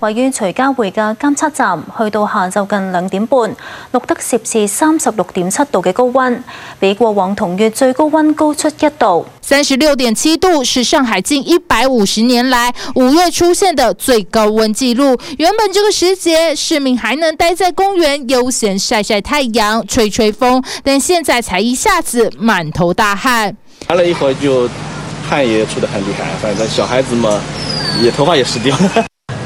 位於徐家匯嘅監測站，去到下晝近兩點半，錄得攝氏三十六點七度嘅高溫，比過往同月最高溫高出一度。三十六點七度是上海近一百五十年來五月出現的最高溫記錄。原本這個時節市民還能待在公園悠閒曬曬太陽、吹吹風，但現在才一下子滿頭大汗。玩了一會就汗也出得很厲害，反正小孩子嘛，也頭髮也濕掉。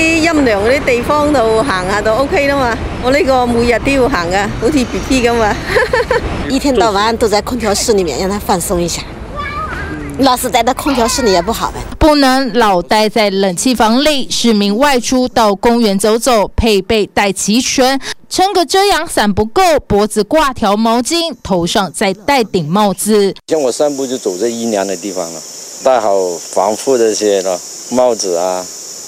陰涼嗰啲地方度行下就 OK 啦嘛，我呢個每日都要行㗎，好似 B B 咁啊。一天到晚都在空調室裏面，讓他放鬆一下。老是待在空調室裏也不好嘅，不能老待在冷氣房內。市民外出到公園走走，配備帶齊全，撐個遮陽傘不夠，脖子掛條毛巾，頭上再戴頂帽子。像我散步就走在陰涼的地方了，戴好防護這些咯，帽子啊。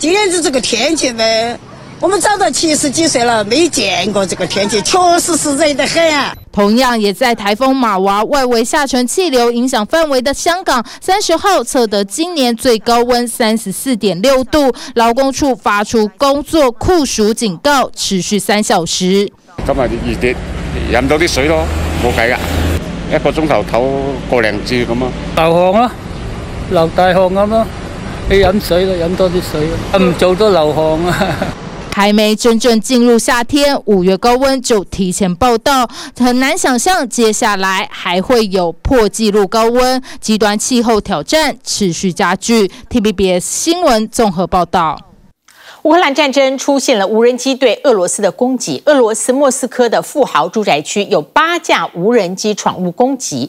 今天子這個天氣唄，我們長到七十幾歲了，沒見過這個天氣，確實是熱得很啊。同樣也在台風馬娃外圍下沉氣流影響範圍的香港，三十號測得今年最高溫三十四點六度，勞工處發出工作酷暑警告，持續三小時。今日熱啲，飲到啲水咯，冇計噶，一個鐘頭唞個零字咁咯。流汗咯，流大汗咁咯。去飲水咯，飲多啲水，唔、嗯、做都流汗啊！還沒真正進入夏天，五月高溫就提前報到，很難想象接下來還會有破紀錄高溫，極端氣候挑戰持續加劇。TVBS 新聞綜合報導，烏克蘭戰爭出現了無人機對俄羅斯的攻擊，俄羅斯莫斯科的富豪住宅區有八架無人機闖入攻擊。